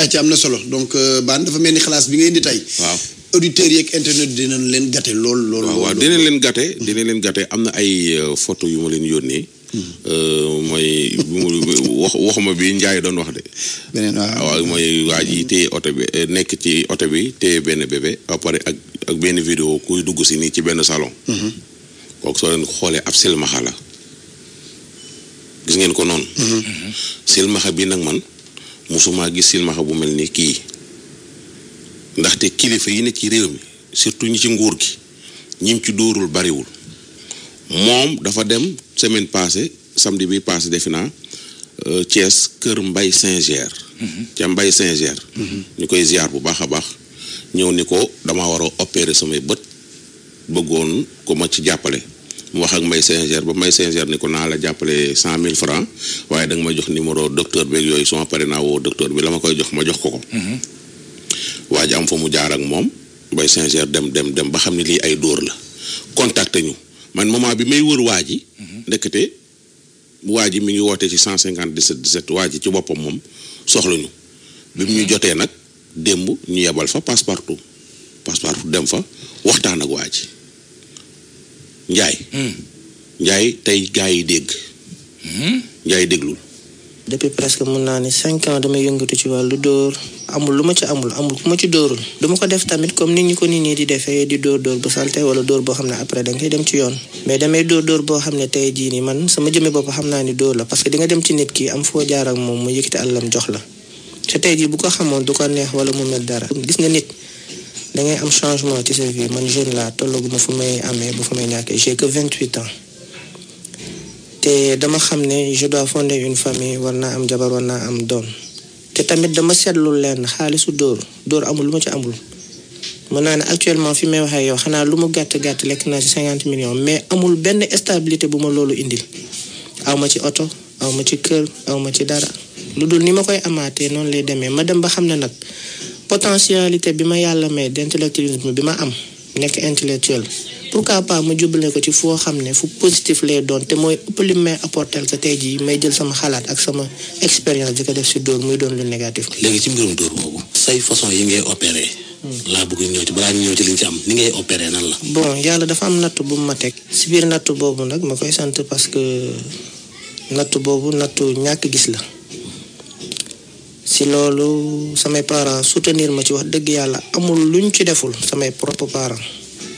ay ci am na solo donc euh, baan dafa mel ni xalaas bi nga indi tey waaw auditeurs yeeg internet dinañ leen gate lool lool waaw dinañ leen gàtte dinañ leen gàtte am na ay euh, photo yu ma leen yónnee hmm. euh, mooy wax waxuma bi njaay doon wax de. Ah, mooy waa ji téye oto bi nekk ci oto bi téye benn bébé ba ak ak benn vidéo kuy dugg si nii ci benn salon. Hmm. kooku soo leen xoolee ab silmaxa la. gis ngeen ko noonu. Hmm. silmaxa bi nag man. musuma gis silmaxa bu mel ni kii ndaxte kilifa yi ne ci réew mi surtout ñi ci nguur gi ñim ci dóorul bariwul moom dafa dem semaine passée samedi bi passé defe naa euh, Thiès kër Mbay Saint-Ger mhm. ca Mbay saint mhm. ñu koy ziar bu baax a baax ñëw ni ko dama war a opérer samay bët bëggoon ko ma ci jàppale mu wax ak may Singer ba may Singer ni ko naa la jàppale cent mille francs waaye da nga ma jox numéro docteur beeg yooyu suma pare naa woo docteur bi la ma koy jox ma jox ko ko. Mhm. waa ji am fa mu jaar ak moom bay Singer dem dem dem ba xam ne lii ay dóor la contacté ñu man moment bi may wër waa ji. Mhm. ndekete waa ji mi ngi woote ci cent cinquante dix sept dix waa ji ci boppam moom soxla ñu. bi mu ñu mhm. jotee nag démb ñu yebal fa passe partout passe partout dem fa waxtaan ak waa ji. Njaay. Hmm. Njaay tey gars yi dégg. Hmm? Njaay déglul. depuis presque mun naa ne cinq ans damay yëngatu ci wàllu dóor amul lu ma ci amul amul ku ma ci dóorul du ma ko def tamit comme nit ñi ko nit ñi di defee di dóor dóor bu salte wala dóor boo xam ne après da nga koy dem ci yoon mais damay dóor dóor boo xam ne tey jii nii man sama jëmmi bopp xam naa ni dóor la parce que di dem ci nit ki am foo jaar ak moom mu yëkkati àllam jox la te tey jii bu ko xamoon du ko neex dara gis da ngay am changement ci sa man jeune laa tollogu ma fu may amee bu fu may ñàkkee j'ai vingt huit ans te dama xam ne je dois fonder une famille war naa am jabar war naa am doom te tamit dama seetlu leen xaalisu dóor dóor amul lu ma ci amul mën naa ne actuellement fi may waxee yow xanaa lu mu gàtt gàtt lekk naa ci cinquante millions mais amul benn stabilité bu ma loolu indil aw ma ci oto aw ma ci kër aw ma ci dara lu dul ni ma koy amaatee noonu lay demee ma dem ba xam ne nag potentialité bi ma yàlla may d'intellectualisme bi ma am nekk intellectuel pourquoi pas ma jubale ko ci foo xam ne fu positif lay doon te mooy ëpp li may apporter sa tey jii may jël sama xalaat ak sama expérience di ko def si dóor muy doon lu négatif. léegi ci mbirum dóor boobu. say façon yi ngay opéré. laa bëgg ñëw ci balaa ñëw ci li nga ci am ni ngay opéré nan la. bon yàlla dafa am nattu bu ma teg. si biir nattu boobu nag ma koy sant parce que natt boobu nattu ñàkk gis la. si loolu samay parents soutenir ma ci wax dëgg yàlla amul luñ ci deful samay propre parents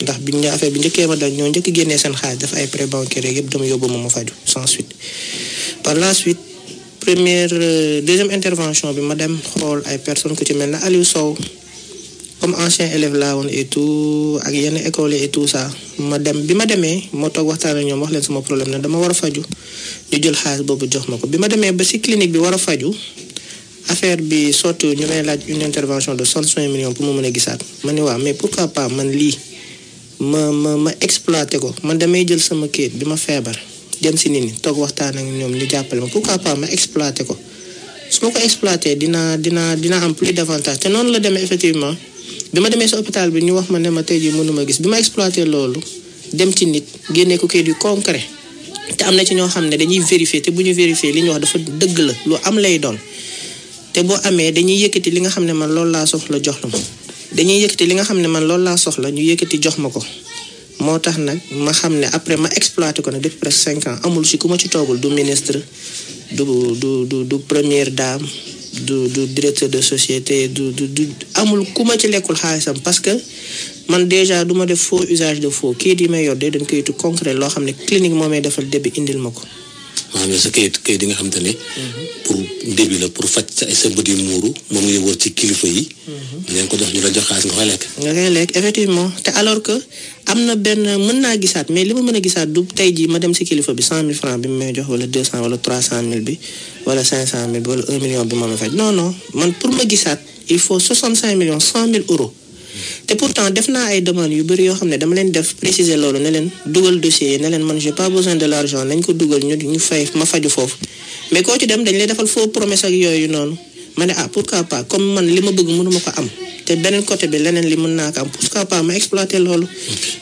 ndax biñ ne bi njëkkee ma dal ñoo njëkk génnee seen xaalis dafa ay prêt bancaire yëpp dama yóbbu ma faju sans suite par la suite première euh, deuxième intervention bi ma dem xool ay personnes ku ci mel na Aliou Sow comme ancien élève laa woon et tout ak yenn école et tout ça ma dem bi ma demee moo toog waxtaan ñoom wax leen sama problème na dama war a faju ñu jël xaalis boobu jox ma ko bi ma demee ba si clinique bi war a faju affaire bi surtout ñu may laaj une intervention de cent cinq millions pour ma mën a gisaat ma ne waaw mais pourquoi pas man lii ma ma ma exploité ko man damay jël sama kayit bi ma feebar dem si nit ñi toog waxtaan ak ñoom ñu jàppale ma pourquoi pa ma exploité ko su ma ko exploité dinaa dinaa dinaa am plus d'avantage te noonu la demee effectivement bi ma demee sa hôpital bi ñu wax ma ne ma tey jii mënuma gis bi ma exploité loolu dem ci nit génnee ko kayit yu concret te am na ci ñoo xam ne dañuy vérifier bu ñu vérifier li ñu wax dafa dëgg la lu am lay doon. te boo amee dañuy yëkkati li nga xam ne man loolu laa soxla jox la ma dañuy yëkkati li nga xam ne man loolu laa soxla ñu yëkkati jox ma ko moo tax nag ma xam ne après ma exploité ko nag depuis presque cinq amul si ku ma ci toogul du ministre du du du du première daam du du directeur de société du du du amul ku ma ci lekkul xaalisam parce que man déjà du ma def faux usage de faux kii di may yor de dañ koy tu concret loo xam ne clinique moo may defal début indil ma ko. maanaam sa kayit kayit yi nga xam ne. pour début la pour faj sa bët yu muuru moom ngay wër ci kilifa yi. Mhm. dinañ ko jox ñu la jox xaalis nga koy lekk. nga koy lekk effectivement te alors que am na benn mën naa gisaat mais li ma mën a gisaat du tey jii ma dem si kilifa bi cent mille francs bi mu may jox wala deux cent wala trois cent mille bi wala cinq cent mille bi wala un million bi ma ma faj non man pour ma gisaat il faut soixante cinq millions te pourtant def naa ay demandes yu bëri yoo xam ne dama leen def préciser loolu ne leen dugal dossier yi ne leen man j'ai pas besoin de l'argent nañ ko dugal ñu fay ma faju foofu mais koo ci dem dañ lay defal faux promesse ak yooyu noonu ma ne ah pourquoi pas comme man li ma bëgg mënuma ko am te beneen côté bi leneen li mën naa ko am pourquoi pas ma exploiter loolu.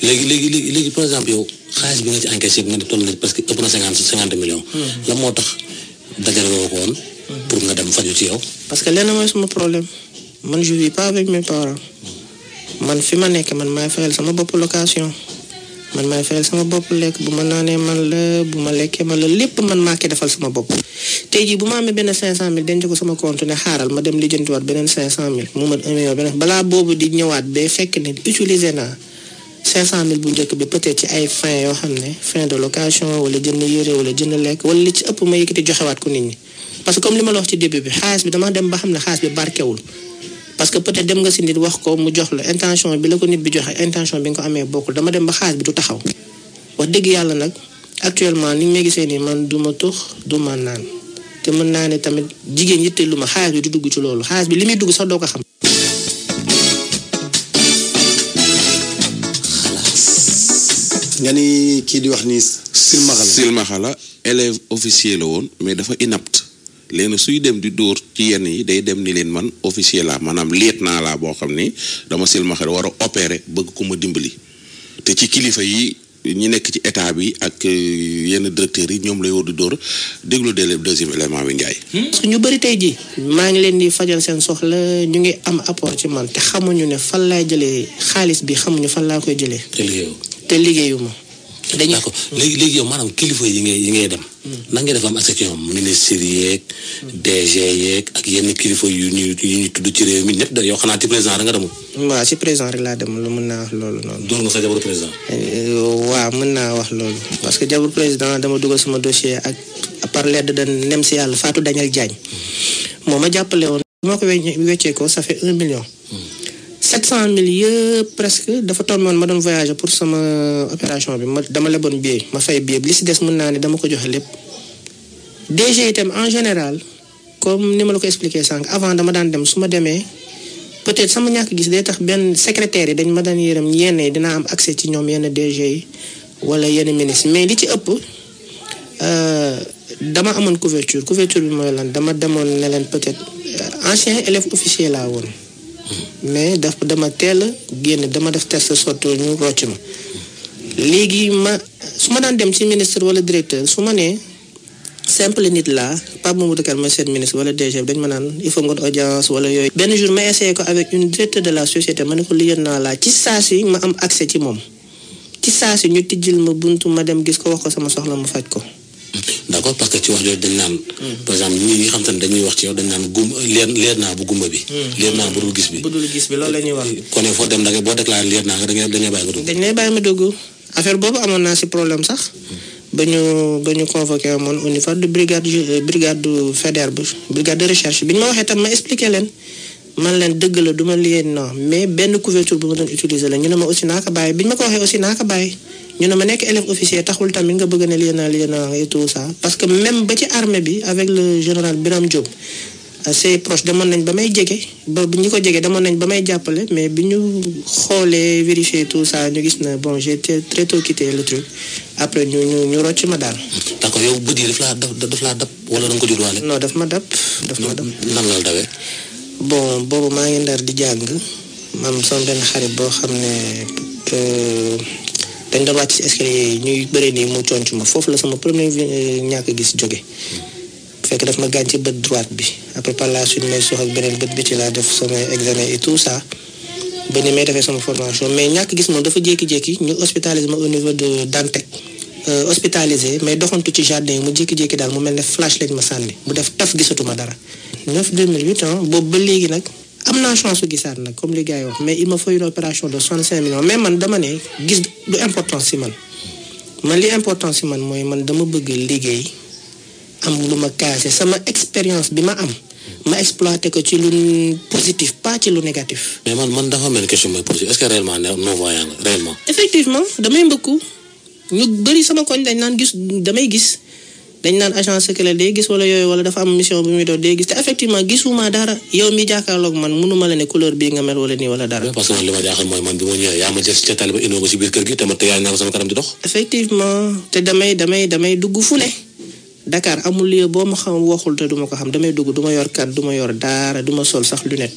léegi léegi léegi par exemple yow xaalis bi nga ci encaissé bi nga def toll na parce que ëpp na cinquante cinquante man fi ma nekk man maay fayal sama bopp location man maay fayal sama bopp lekk bu ma naanee man la bu ma lekkee man la lépp man maa koy defal sama bopp. tey jii bu ma amee benn 500000 denc ko sama compte ne ma dem lijjantiwaat beneen 500000 mu mat 1 million beneen balaa boobu di ñëwaat ba fekk ne utiliser naa 500000 bu njëkk bi ci ay fin yoo xam ne fin de wala jënd yére wala jënd lekk wala li ci ëpp ma yëkkati joxewaat ko nit ñi. parce que comme li ma la wax ci début bi xaalis bi dama dem ba xam ne xaalis bi barkewul. parce que peut-être dem nga si nit wax ko mu jox la intention bi la ko nit bi joxe intention bi nga ko amee bokkul dama dem ba xaalis bi du taxaw wax dëgg yàlla nag actuellement ni ma gisee nii man duma ma tux du naan te mën naa ne tamit jigéen yitteelu ma xaalis bi du dugg ci loolu xaalis bi li muy dugg sax doo ko xam. nga ni kii di wax ni silmaxa la. silmaxa la élève officier la woon mais dafa inapt léegi nag suy dem di dóor ci yenn yi day dem ni leen man officier la maanaam liet naa laa boo xam ni dama silmaxa war a opérer bëgg ku ma dimbali te ci kilifa yi ñu nekk ci état bi ak euh, yenn directeurs yi ñoom lay war di dóor déglu de deuxième élément bi njaay hmm? ñu bëri tey jii maa ngi leen di fajal seen soxla ñu ngi am apport ci man te xamuñu ne fan laa jëlee xaalis bi xamuñu fan laa koy jëlee. te liggéeyu ma. dañuy léegi léegi yow kilifa yi ngay yi ngay dem. nan ngeen def am accès ci ñoom ministre yeeg. DG yeeg ak yenn kilifa yu ñuy yu ñuy tudd ci réew mi ñëpp da yoo xanaa ci président rek nga demul. waaw ci laa demul lu mën naa wax loolu noonu. doon nga sa eh, mën naa wax loolu. parce que jabaru président dama dugal sama dossier ak par l'aide de nem si yàlla Fatou Daniel Diagne. moo ma jàppale woon. bi ma ko wéccee ko ça fait un million. sept cent mille yëpp presque dafa tomboon ma doon voyager pour sama opération bi ma dama leboon billet ma fay billet bi li si des mën naa ne dama ko joxe lépp DG itam en général comme ni ma la ko expliquer sànq avant dama daan dem su ma demee peut-être sama ñàkk gis day tax benn secrétaire yi dañ ma daan yërëm yenn yi dinaa am accès ci ñoom yenn DG yi wala yenn ministre mais li ci ëpp euh, dama amoon couverture couverture bi mooy lan dama demoon ne leen peut-être euh, ancien élève officier laa woon mais daf dama teel a génn dama def test sotti ñu rocc ma léegi ma su ma daan dem ci ministre wala directeur su ma nee simple nit la Pape Mamadou Kane mooy seen ministre wala DG dañ ma naan il faut nga audience wala yooyu. benn jour ma essayé ko avec une directeur de la société ma ne ko liggéey naa laa ci saa si ma am accès ci moom ci saa si ñu tijjil ma buntu ma dem gis ko wax ko sama soxla mu faj ko. d' accord parce que ci wax jooju dañ naan. Hmm. par exemple ñi nga xam te dañuy wax ci yow dañ naan gum leer leer naa bu gumba bi. Hmm. leer naa bu dul gis bi. Hmm. bu dul gis bi loolu la ñuy wax. kon foo dem da ngay boo déclaré leer naa nga da naa si problème sax. ba ñu ba ñu convoqué moon au euh, bi ñu ma waxee tam ma expliqué leen. man leen dëgg la du ma liyee non mais benn couverture bu ma doon utiliser la ñu ne ma aussi naa ko bàyyi bi ñu ma ko waxee aussi naa ko bàyyi ñu ne ma nekk élève officier taxul tamit nga bëgg ne liena liena et tout ça parce que même ba ci armée bi avec le général Birame Diop euh, ses proches demoon nañ ba may jege ba ñi ko jege demoon nañ ba may jàppale mais bi ñu xoolee vérifier tout ça ñu gis na bon j'ai très tôt le truc après ñu ñu ñu rocc ma daal. d'accord yow bët yi daf laa daf laa dab wala da nga ko ma dab. daf ma dab lan la dawee. bon boobu maa ngi ndar di jàng maam sama benn xarit boo xam ne. Euh, dañ doon wàcc si escalier yi ñuy bëri nii mu conc ma foofu la sama premier eh, ñàkk gis jóge fekk daf ma gaañ ci bët droite bi après par la suite may sox ak beneen bët bi ci laa def sama examen et tout ça ba ni may defee sama formation mais ñàkk gis moom dafa jékki-jékki ñu hospitalisé ma au niveau de Dantec euh, hospitalisé mais doxantu ci jardin mu jékki-jékki daal mu mel ne flash lañ ma sànni mu def taf gisatuma dara 9 2008 boobu ba léegi nag am naa chance su gisaat nag comme li wax mais il m'a fallu une opération de 65 millions mais man dama ne gis du importance si man man mooy man dama bëgg liggéey am lu ma casé sama expérience bi ma am ma exploité ko ci lu positif pas ci lu négatif. mais man man dafa mel question mooy positif est-ce que réellement non voyant réellement. effectivement damay mbëkku ñu bëri sama koñ dañ naan gis damay gis. dañ naan agence secret day gis wala yooyu wala dafa am mission bu muy doon day gis te effectivement gisuma dara yow mi jàkkaarloog man mënuma la ne couleur bii nga mel wala nii wala dara. parce que li ma jaaxal mooy man bi ma ñëwee te ma tegaay naa damay dugg fu ne Dakar amul lieu boo ma xam waxul te duma ko xam damay dugg duma yor kat duma yor dara duma sol sax lunette.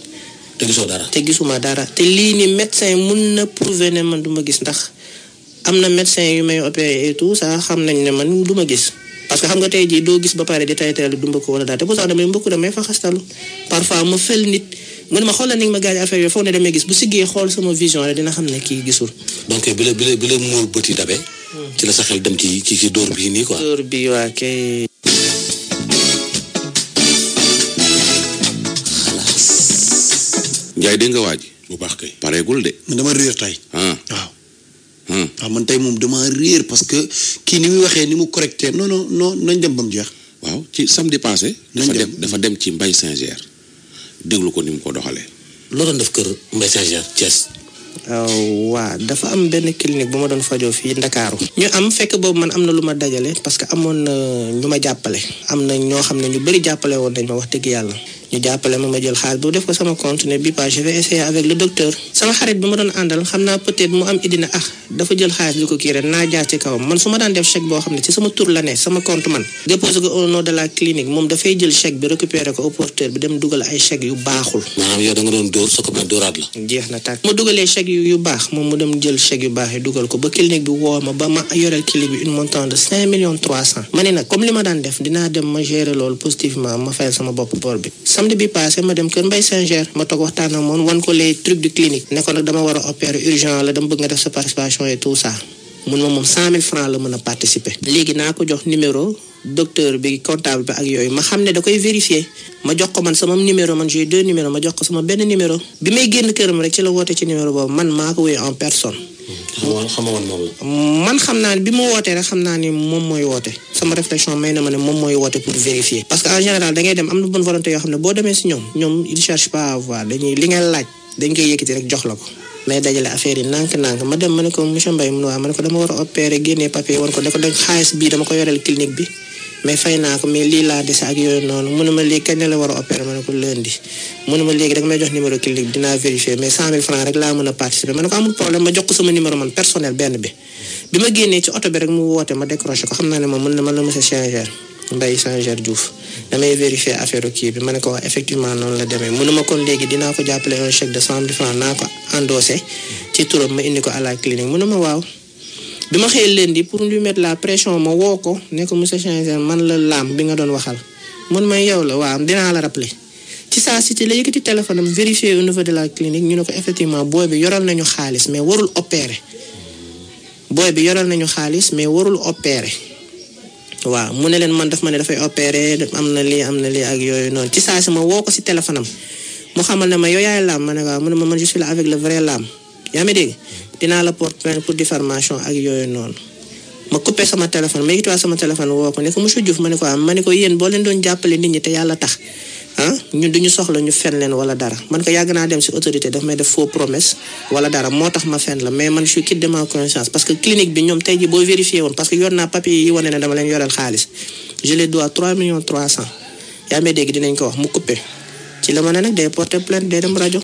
te gisoo dara te gisuma dara te lii ni médecin mun na prouver ne man du ma gis ndax am na médecin yu may opéré et tout xam nañ ne man du ma gis. parce que xam nga tey jii doo gis ba pare di taytayal du mbëkk wala daal te pourtant damay mbëkk damay fa xastalu parfois ma fel nit mu ne ma xoolal ni ma gaañ affaire yooyu foog ne damay gis bu siggee xool sama vision rek dina xam ne kii gisul. donc bi la bi la bi la muur bëti dabe. Hmm. ci la sa xel dem ci ci ci dóor bi bu baax kay pareegul de. man dama réer tey. Ah. waaw. waaw hmm. ah, man tey moom dama réer parce que kii ni muy waxee ni mu correcté non non non dem ba mu jeex. waaw ci samedi passé. dafa dem dafa dem ci mbay Saint-Ger déglu ko ni mu ko doxalee. loo doon def kër mbay Saint-Ger Thiès. Oh, waa dafa am benn clinique bu ma doon fajoo fii Ndakaaru ñu am fekk boobu man am na lu ma dajale parce que amoon na ñu ma jàppale. am na ñoo xam ne ñu bëri jàppale woon dañ ma wax dëgg yàlla. ñu jàppale ma ma jël xaalis bu def ko sama compte ne bi pas je avec le docteur sama xarit bi ma doon àndal xam naa peut-être mu am idina ah dafa jël xaalis bi ko kii naa jaar ci kawam man su ma daan def chèque boo xam ne ci sama tur la ne sama compte man de la bi dem dugal ay chèque yu baaxul maanaam yow da nga doon dóor sa la jeex na tàkk ma dugalee chèque yu baax moom mu dem jël chèque yu baax yi dugal ko ba clinique bi woo samedi bi passé ma dem kër Mbaye mun ma moom cent mille francs la mën a participer. léegi naa ko jox numéro docteur bi comptable bi ak yooyu ma xam ne da koy vérifier ma jox ko man sama numéro man j'ai deux numéros ma jox ko sama benn numéro bi may génn këram rek ci la woote ci numéro boobu man maa ko wéy en personne. man xam naa ne bi ma wootee rek xam naa ne moom mooy woote sama réflexion may na ma ne moom mooy woote pour vérifier. parce que en général da ngay dem am na bonne volonté yoo xam ne boo demee si ñoom ñoom ils cherchent pas avoir dañuy li nga laaj dañ koy yëkkati rek jox la ko. mais dajale affaire yi nànk-nànk ma dem ma ne ko monsieur Mbaye mu waa ma ne ko dama war a opérer génnee papier war ko ne ko dañ xaalis bii dama ko yoreel clinique bi. mais fay naa ko mais lii laa dese ak yooyu noonu mu léegi kañ la war a opérer ma ne ko lundi mu ne ma léegi rek dinaa ne ko amul oto bi rek mu woote ma moom mën na mën na monsieur Changer Mbaye Changer Diouf damay vérifier affaire kii bi ma ne ko wax noonu la demee mu ne ma kon léegi dinaa ko jàppale un chèque de cent mille francs naa ko endossé ci turam ma indi ko à clinique mu waaw. bi ma xëyee leen di pour lui mettre la pression ma woo ko ne ko monsieur Changer man la laam bi nga doon waxal man may yow la waaw dinaa la rappeler. ci saa si ci la yëkkati téléphone am vérifié au niveau de la clinique ñu ne ko effectivement booy bi yoral nañu xaalis mais warul opérer booy bi yoral nañu xaalis mais warul opérer. waa mu ne leen man daf ma ne dafay opérer am na lii am na lii ak yooyu noonu ci saa si ma woo ko si téléphone am mu xamal ne ma yow yaay ma ne waaw mu ne ma man je suis là avec laam yaa ngi dégg dinaa la porte plainte pour diffamation ak yooyu noonu ma coupé sama téléphone ma yëgituwaat sama téléphone woo ko ne ko monsieur Diouf ma ne ko am ah, ma ne ko yéen ah, naa dem si autorité daf may def faux promesse wala dara moo tax ma fen la mais man je suis quitte conscience parce que clinique bi ñoom tey boo vérifié woon parce que yor naa papier yi wane ne dama leen yoreel xaalis je les dois 3 millions 300 yaa ngi dégg dinañ ko wax mu coupé ci